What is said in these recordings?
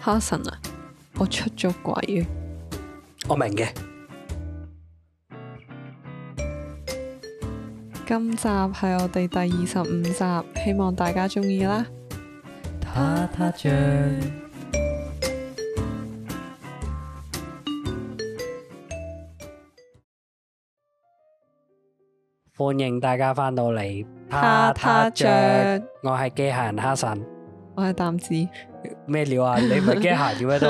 哈神啊，我出咗軌嘅，我明嘅。今集係我哋第二十五集，希望大家中意啦。他他醬，歡迎大家翻到嚟。他他醬，我係機械人哈神，我係擔子。咩料啊？你唔驚下嘅咩都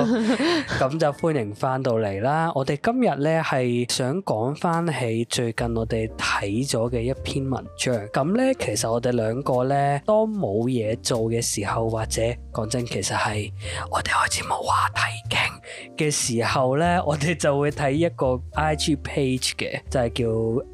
咁 就歡迎翻到嚟啦！我哋今日咧係想講翻起最近我哋睇咗嘅一篇文章，咁咧其實我哋兩個咧，當冇嘢做嘅時候，或者講真，其實係我哋開始冇話題嘅嘅時候咧，我哋就會睇一個 IG page 嘅，就係、是、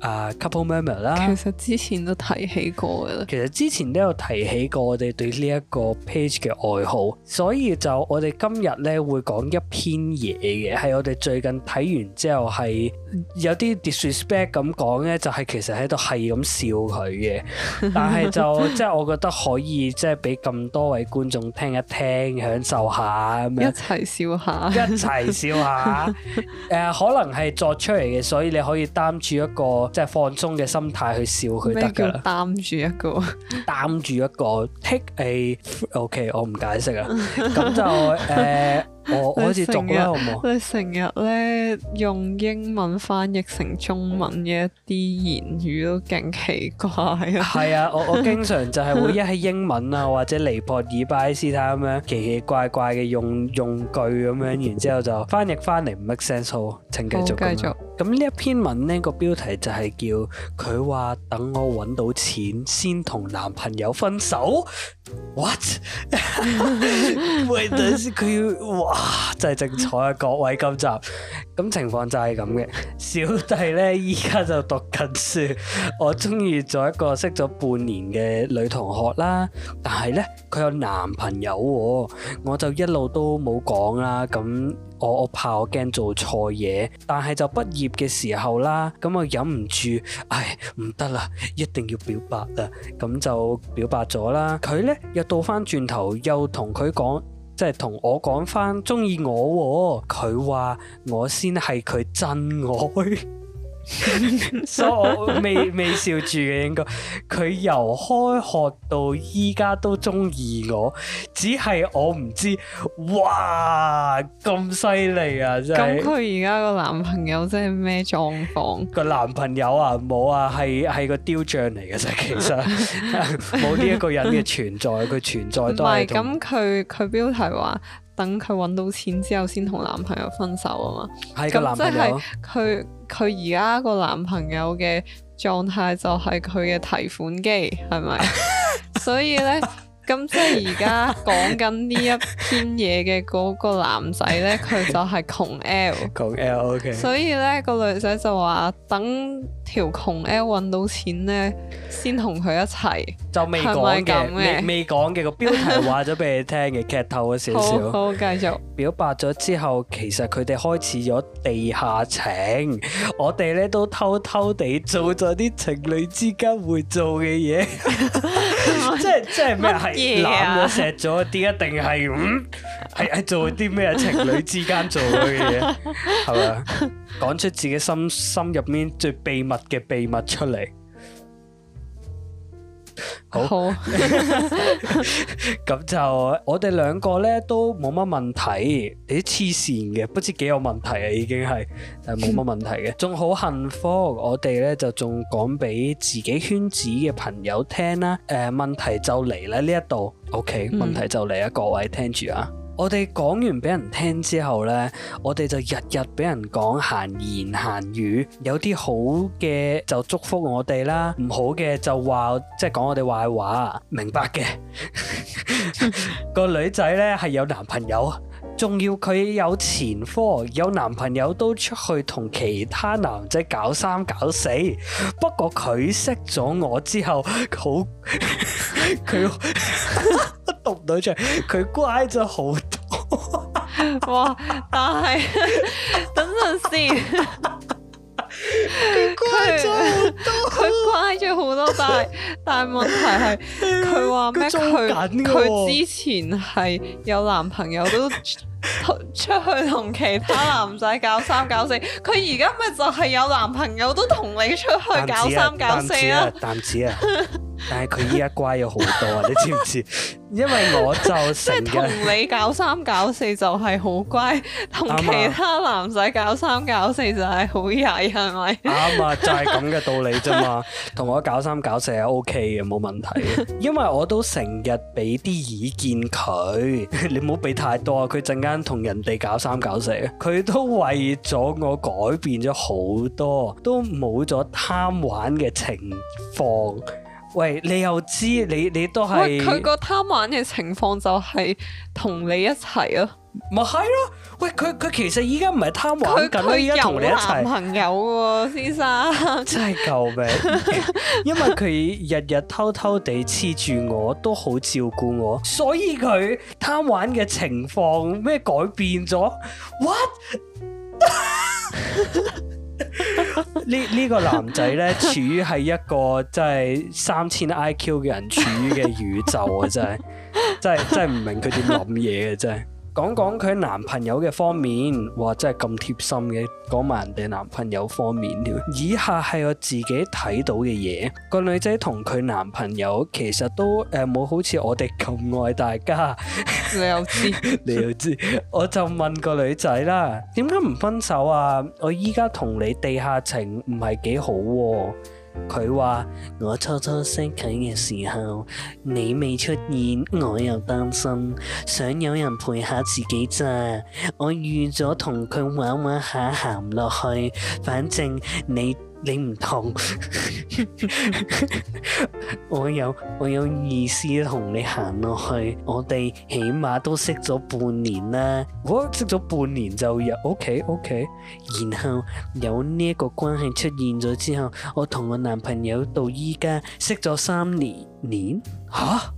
叫啊、uh, Couple Murmur 啦。其實之前都提起過噶啦。其實之前都有提起過我哋對呢一個 page 嘅愛好。所以就我哋今日咧會講一篇嘢嘅，係我哋最近睇完之後係有啲 disrespect 咁講咧，就係、是、其實喺度係咁笑佢嘅， 但係就即係、就是、我覺得可以即係俾咁多位觀眾聽一聽，享受下咁樣，一齊笑下，一齊笑下，誒， uh, 可能係作出嚟嘅，所以你可以擔住一個即係放鬆嘅心態去笑佢得噶啦，擔住一個，擔、就是、住一個, 住一個 take a OK，我唔解釋啊。咁 就誒、呃，我好似中咗，好唔好？我成日咧用英文翻譯成中文嘅一啲言語都勁奇怪啊！係啊，我我經常就係會一喺英文啊，或者尼泊爾、巴基斯坦咁樣奇奇怪怪嘅用用句咁樣，然之後就翻譯翻嚟唔 make sense 喎！請繼續,續。咁呢一篇文呢個標題就係叫佢話等我揾到錢先同男朋友分手，what？喂，等陣先，佢要。哇，真係精彩啊！各位今集。咁情況就係咁嘅，小弟呢，依家就讀緊書，我中意咗一個識咗半年嘅女同學啦，但係呢，佢有男朋友喎，我就一路都冇講啦，咁我我怕我驚做錯嘢，但係就畢業嘅時候啦，咁我忍唔住，唉唔得啦，一定要表白啦，咁就表白咗啦，佢呢，又倒返轉頭又同佢講。即係同我講返，中意我、哦，佢話我先係佢真愛。 所以、 so, 我未未笑住嘅，應該佢由開學到依家都中意我，只係我唔知，哇咁犀利啊！嗯、真係是。咁佢而家個男朋友真係咩狀況？個男朋友啊，冇啊，係係個雕像嚟嘅啫，其實冇呢一個人嘅存在，佢存在都係。唔係，咁佢佢標題話。等佢揾到錢之後，先同男朋友分手啊嘛。係個男朋友。咁即係佢佢而家個男朋友嘅狀態就係佢嘅提款機，係咪？所以呢，咁即係而家講緊呢一篇嘢嘅嗰個男仔呢，佢就係窮 L。窮 L，OK。所以呢，個女仔就話等。條窮 L 揾到錢咧，先同佢一齊，就未講嘅，未未講嘅個標題話咗俾你聽嘅，劇透咗少少。好，繼續。表白咗之後，其實佢哋開始咗地下情，我哋咧都偷偷地做咗啲情侶之間會做嘅嘢， 即係即係咩係攬咗錫咗啲，一定係嗯係係、哎哎、做啲咩情侶之間做嘅嘢，係嘛？講出自己心心入面最秘密。嘅秘密出嚟， 好，咁 就我哋兩個咧都冇乜問題，你啲黐線嘅不知幾有問題啊，已經係但冇乜問題嘅，仲 好幸福。我哋咧就仲講俾自己圈子嘅朋友聽啦。誒、呃，問題就嚟咧呢一度，OK，問題就嚟啊，嗯、各位聽住啊。我哋講完俾人聽之後呢，我哋就日日俾人講閒言閒語，有啲好嘅就祝福我哋啦，唔好嘅就話即係講我哋壞話，明白嘅。 個女仔呢，係有男朋友，仲要佢有前科，有男朋友都出去同其他男仔搞三搞四，不過佢識咗我之後好佢。 他很 讀女仔，佢乖咗好多 哇！但係等陣先，佢 乖咗了好多， 佢乖咗好多，但係但係問題係，佢話咩？佢佢之前係有男朋友都出， 出去同其他男仔搞三搞四，佢而家咪就係有男朋友都同你出去搞三搞四啊？彈子啊！但係佢依家乖咗好多啊！你知唔知？ 因為我就成日，同你搞三搞四就係好乖，同 其他男仔搞三搞四就係好曳，係咪？啱啊，就係咁嘅道理啫嘛。同我搞三搞四係 OK 嘅，冇問題。 因為我都成日俾啲意見佢，你唔好俾太多啊。佢陣間同人哋搞三搞四，佢都為咗我改變咗好多，都冇咗貪玩嘅情況。喂，你又知你你都係佢個貪玩嘅情況就係同你一齊啊？咪係咯？喂，佢佢其實依家唔係貪玩，佢依家同你一齊，男朋友，男朋友，啊，先生真係救命！ 因為佢日日偷偷地黐住我，都好照顧我，所以佢貪玩嘅情況咩改變咗？What？ 呢呢、 這個男仔咧，處於係一個即係三千 IQ 嘅人處於嘅宇宙啊！真係真係真係唔明佢點諗嘢嘅真係。講講佢男朋友嘅方面，哇！真係咁貼心嘅，講埋人哋男朋友方面添。以下係我自己睇到嘅嘢，個女仔同佢男朋友其實都誒冇、呃、好似我哋咁愛大家。 你又知？你又知？我就問個女仔啦，點解唔分手啊？我依家同你地下情唔係幾好喎，啊。.佢話：我初初識佢嘅時候，你未出現，我又擔心想有人陪下自己咋？我預咗同佢玩玩下行落去，反正你。你唔同， 我有我有意思同你行落去。我哋起碼都識咗半年啦，我識咗半年就有，OK OK。然後有呢一個關係出現咗之後，我同我男朋友到依家識咗三年年，吓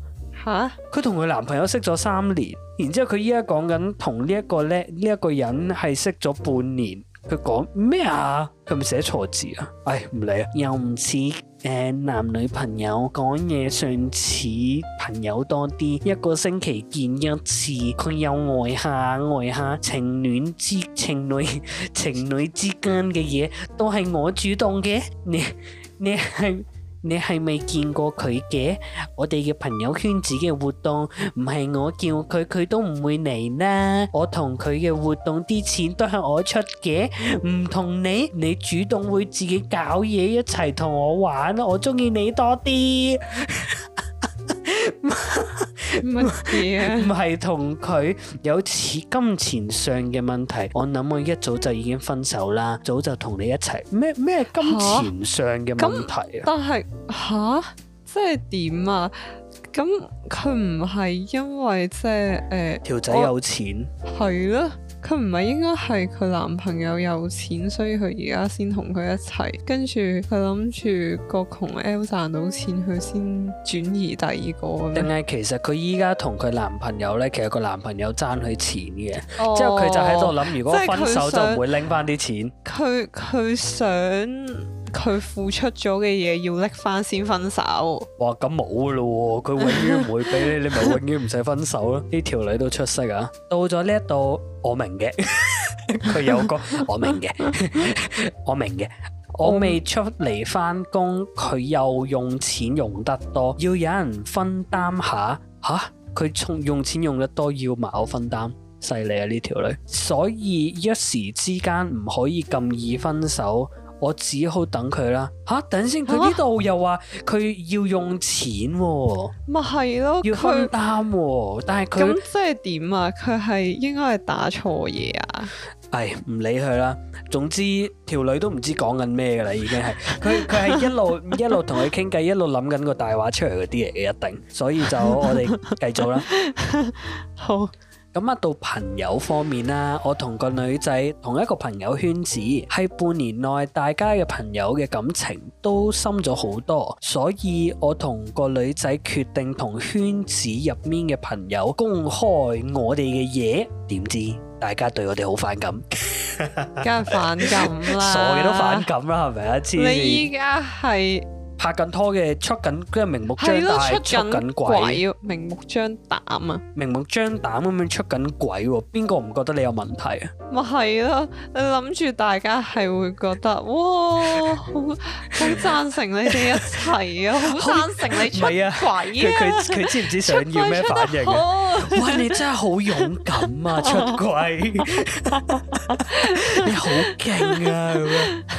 吓？佢同佢男朋友識咗三年，然之後佢依家講緊同呢一個叻呢一個人係識咗半年。佢講咩啊？佢唔寫錯字啊？唉，唔理啊，又唔似誒男女朋友講嘢，上似朋友多啲，一個星期見一次。佢又愛下愛下情戀之情侶情侶之間嘅嘢，都係我主動嘅。你你係。你係咪見過佢嘅？我哋嘅朋友圈子嘅活動唔係我叫佢，佢都唔會嚟啦。我同佢嘅活動啲錢都係我出嘅，唔同你，你主動會自己搞嘢一齊同我玩，我鍾意你多啲。 唔係唔係同佢有似金錢上嘅問題，我諗我一早就已經分手啦，早就同你一齊。咩咩金錢上嘅問題啊？但係吓、啊，即係點啊？咁佢唔係因為即係誒，條、呃、仔有錢係咯。佢唔係應該係佢男朋友有錢，所以佢而家先同佢一齊，跟住佢諗住個窮 L 賺到錢，佢先轉移第二個。定係其實佢依家同佢男朋友呢？其實個男朋友爭佢錢嘅，之後佢就喺度諗，如果分手就唔會拎返啲錢。佢佢想。佢付出咗嘅嘢要拎翻先分手。哇，咁冇噶咯，佢永遠唔會俾你，你咪永遠唔使分手咯。呢條 女都出色啊！到咗呢一度，我明嘅，佢 有個我明嘅，我明嘅， 我未出嚟翻工，佢又用錢用得多，要有人分擔下吓？佢用用錢用得多，要埋我分擔？犀利啊！呢條女，所以一時之間唔可以咁易分手。我只好等佢啦。嚇、啊，等先，佢呢度又話佢要用錢喎，咪係咯，要開單喎。但係佢咁即係點啊？佢係應該係打錯嘢啊！唉，唔理佢啦。總之條女都唔知講緊咩㗎啦，已經係佢佢係一路 一路同佢傾偈，一路諗緊個大話出嚟嗰啲嚟嘅一定。所以就我哋繼續啦。 好。咁啊到朋友方面啦，我同個女仔同一個朋友圈子，係半年內大家嘅朋友嘅感情都深咗好多，所以我同個女仔決定同圈子入面嘅朋友公開我哋嘅嘢，點知大家對我哋好反感，梗係反感啦， 傻嘅都反感啦，係咪啊？你依家係。拍緊拖嘅出緊，佢係明目張大出緊軌，要明目張膽啊！明目張膽咁樣出緊軌，邊個唔覺得你有問題啊？咪係咯，你諗住大家係會覺得，哇，好贊成你哋一齊啊，好贊成你唔係啊軌啊！佢佢知唔知想要咩反應啊？哇、呃，你真係好勇敢啊，出軌！ 你好勁啊～、呃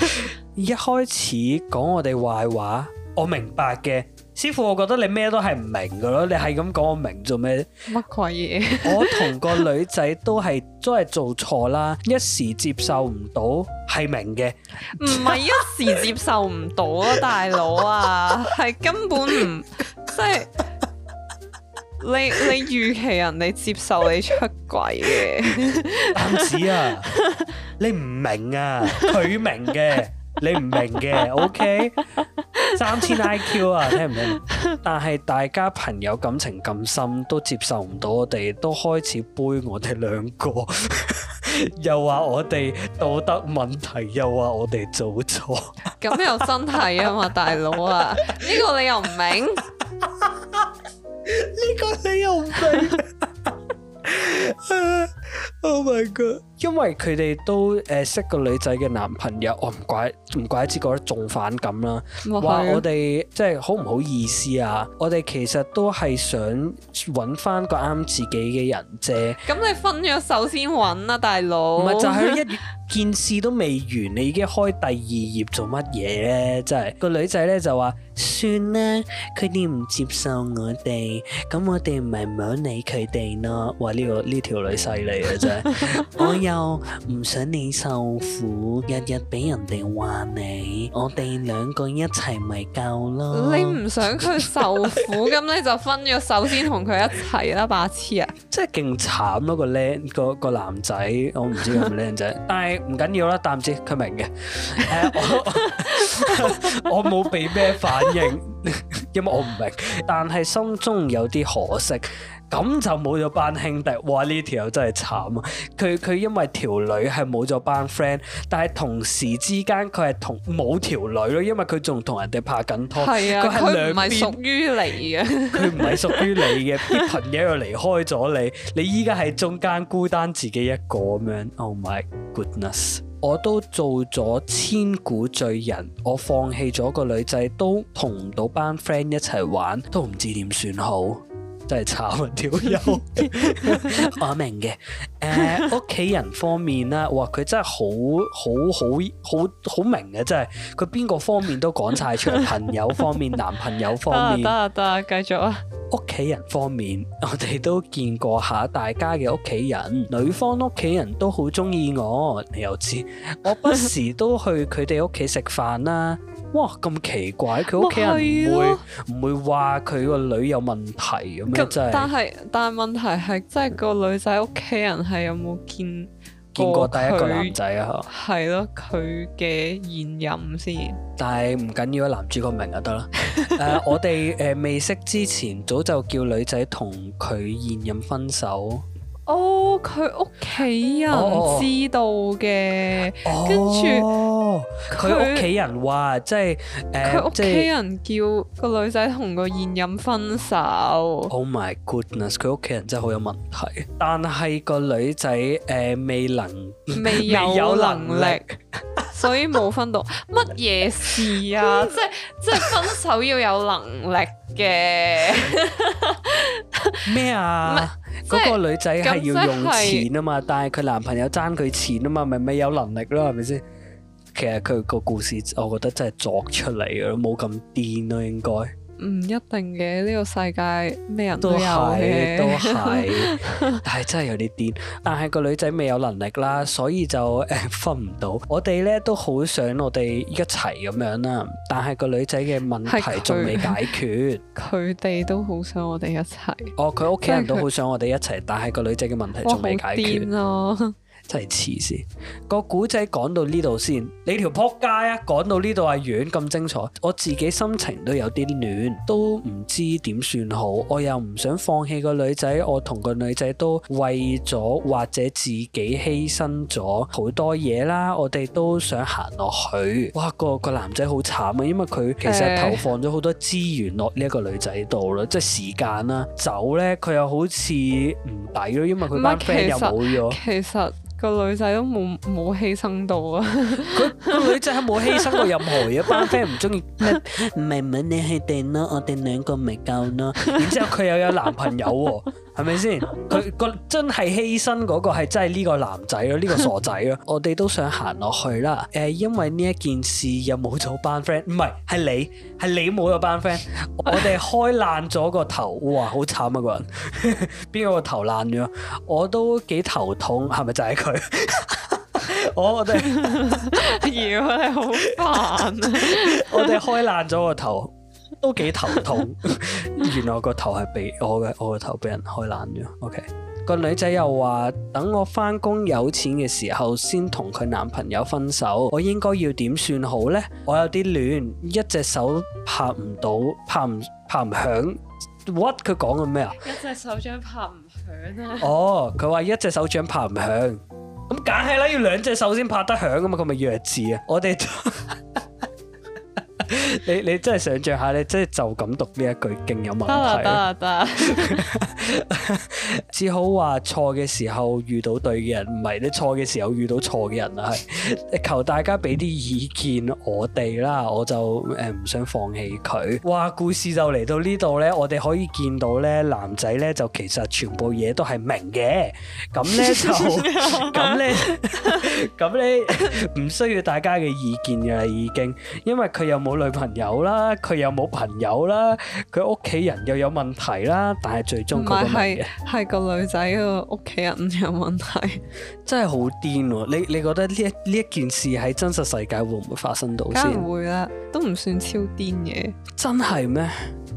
一開始講我哋壞話，我明白嘅。師傅，我覺得你咩都係唔明噶咯，你係咁講我明做咩？乜麼鬼嘢？ 我同個女仔都係都係做錯啦，一時接受唔到係明嘅，唔係一時接受唔到 啊，大佬啊，係根本唔即係你你預期人哋接受你出軌嘅，阿 子啊，你唔明啊，佢明嘅。你唔明嘅 ，OK，三千 IQ 啊，聽唔明？ 但係大家朋友感情咁深，都接受唔到我哋，都開始背我哋兩個， 又話我哋道德問題，又話我哋做錯，咁又真係啊嘛，大佬啊，呢個你又唔明，呢個你又唔明。Oh my god！因為佢哋都誒、呃、識個女仔嘅男朋友，我、呃、唔怪唔怪之覺得仲反感啦。話哇我哋即係好唔好意思啊！我哋其實都係想揾翻個啱自己嘅人啫。咁你分咗手先揾啊，大佬！唔係就係、是、一件事都未完， 你已經開第二頁做乜嘢咧？即係、那個女仔咧就話 算啦，佢哋唔接受我哋，咁我哋唔係唔理佢哋咯。話呢、這個呢條、這個、女犀利。 我又唔想你受苦，日日俾人哋話你，我哋兩個人一齊咪夠咯。你唔想佢受苦，咁 你就分咗手先同佢一齊啦，白痴啊！真係勁慘咯，個靚個個男仔，我唔知係咪靚仔， 但係唔緊要啦，但唔知佢明嘅。Uh, 我 我冇俾咩反應， 因為我唔明，但係心中有啲可惜。咁就冇咗班兄弟，哇！呢條友真係慘啊！佢佢因為條女係冇咗班 friend，但係同時之間佢係同冇條女咯，因為佢仲同人哋拍緊拖，係啊，佢係兩邊。佢唔係屬於你嘅，佢唔係屬於你嘅，啲 朋友又離開咗你，你依家係中間孤單自己一個咁樣。Oh my goodness！我都做咗千古罪人，我放棄咗個女仔，都同唔到班 friend 一齊玩，都唔知點算好。真係炒埋條腰， 我明嘅。誒、呃，屋企人方面啦，哇，佢真係好好好好好明嘅，真係佢邊個方面都講晒出嚟。朋友方面、男朋友方面，得 啊得啊，啊，啊，繼續啊。屋企人方面，我哋都見過下大家嘅屋企人。女方屋企人都好中意我，你又知。我不時都去佢哋屋企食飯啦，啊。 哇，咁奇怪！佢屋企人唔會唔會話佢個女有問題咁樣真係但係但係問題係，即係個女仔屋企人係有冇見見過第一個男仔啊？嗬，係咯，佢嘅現任先。但係唔緊要，男主角明就得啦。誒， uh, 我哋誒未識之前，早就叫女仔同佢現任分手。哦，佢屋企人知道嘅，oh, oh. Oh. 跟住佢屋企人話，即係佢屋企人叫個女仔同個現任分手。Oh my goodness，佢屋企人真係好有問題。但係個女仔誒、呃、未能未有能力，能力 所以冇分到乜嘢 事啊！ 嗯、即係即係分手要有能力嘅咩 啊？嗰個女仔係要用錢啊嘛，但係佢男朋友爭佢錢啊嘛，咪未 有能力咯，係咪先？其實佢個故事，我覺得真係作出嚟咯，冇咁癲咯，應該。唔一定嘅，呢、這個世界咩人都有都係，但係真係有啲癲，癲。但係個女仔未有能力啦，所以就誒 分唔到。我哋咧都好想我哋一齊咁樣啦，但係個女仔嘅問題仲未他解決。佢哋都好想我哋一齊。哦，佢屋企人都好想我哋一齊，但係個女仔嘅問題仲未解決。我好癲咯～真係黐線，個古仔講到呢度先，你條撲街啊！講到呢度啊，遠咁精彩，我自己心情都有啲亂，都唔知點算好。我又唔想放棄個女仔，我同個女仔都為咗或者自己犧牲咗好多嘢啦。我哋都想行落去。哇！個、個男仔好慘啊，因為佢其實投放咗好多資源落呢一個女仔度啦，欸、即係時間啦、啊。走呢，佢又好似唔抵咯，因為佢班 friend 又冇咗。其實有個女仔都冇冇犧牲到啊！個女仔係冇犧牲過任何嘢，班 friend 唔中意。明明你係定咯？我哋兩個咪夠咯，然之後佢又有男朋友。係咪先？佢個真係犧牲嗰個係真係呢個男仔咯，呢、這個傻仔咯。我哋都想行落去啦。誒、呃，因為呢一件事又冇咗班 friend，唔係，係你，係你冇咗班 friend。我哋開爛咗個頭，哇，好慘啊！個人，邊個個頭爛咗？我都幾頭痛，係咪就係佢？ 我哋，妖你好煩啊！我哋開爛咗個頭。都幾頭痛， 原來我個頭係俾我嘅，我個頭俾人開爛咗。OK，那個女仔又話等我翻工，有錢嘅時候先同佢男朋友分手，我應該要點算好呢？我有啲亂，一隻手拍唔到，拍唔拍唔響。What 佢講緊咩啊？一隻手掌拍唔響啊！哦，佢話一隻手掌拍唔響，咁梗係啦，要兩隻手先拍得響啊嘛，佢咪弱智啊！我哋。 你你真係想象下，你真係就咁讀呢一句，勁有問題。得得只好話錯嘅時候遇到對嘅人，唔係你錯嘅時候遇到錯嘅人啊！求大家俾啲意見我哋啦，我就誒唔、呃、想放棄佢。哇，故事就嚟到呢度呢，我哋可以見到呢，男仔呢就其實全部嘢都係明嘅，咁呢就咁呢，咁 呢，唔 需要大家嘅意見嘅啦，已經，因為佢有冇。女朋友啦，佢又冇朋友啦，佢屋企人又有問題啦，但係最終佢個女係個女仔個屋企人有問題，問題真係好癲喎！你你覺得呢一呢一件事喺真實世界會唔會發生到先？會啦，都唔算超癲嘅，真係咩？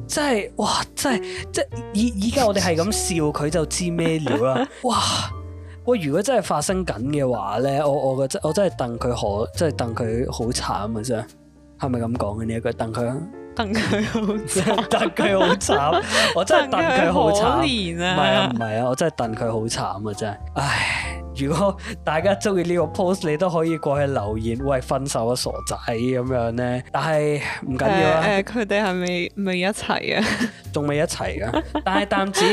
真係哇！真係真依依家我哋係咁笑佢就知咩料啦！ 哇！喂，如果真係發生緊嘅話咧，我我，我，我真我真係戥佢好，真係戥佢好慘啊！真。係咪咁講嘅呢一句？戥佢，戥佢好慘，戥佢好慘，我真係戥佢好慘，唔係啊唔係啊，啊，我真係戥佢好慘啊真係。唉，如果大家中意呢個 post，你都可以過去留言，喂分手啊傻仔咁樣咧。但係唔緊要啊。誒，佢哋係咪未一齊啊？仲未一齊噶？但係但子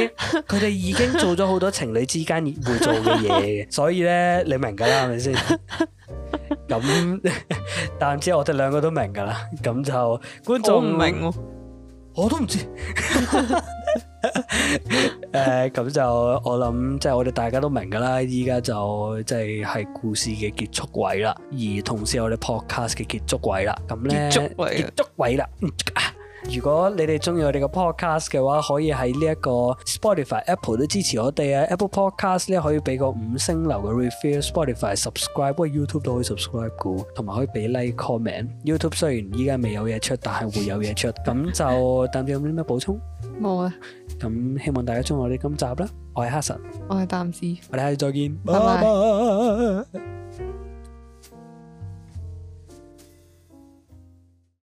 佢哋已經做咗好多情侶之間會做嘅嘢嘅， 所以咧你明噶啦係咪先？ 咁 但之後我哋兩個都明噶啦，咁就觀眾唔明，我都唔知。誒，咁就我諗，即係我哋大家都明噶啦。依家就即係係故事嘅結束位啦，而同時有我哋 podcast 嘅結束位啦。咁咧、嗯，結束位，結束位啦。如果你哋中意我哋個 podcast 嘅話，可以喺呢一個 Spotify、Apple 都支持我哋啊！Apple Podcast 咧，可以俾個五星流嘅 review，Spotify subscribe，喂，YouTube 都可以 subscribe 估，同埋可以俾 like comment。YouTube 雖然依家未有嘢出，但係會有嘢出。咁就譚志有冇啲咩補充？冇啦。咁希望大家中意我哋今集啦，我係黑神，我係譚志，我哋下次再見，拜拜。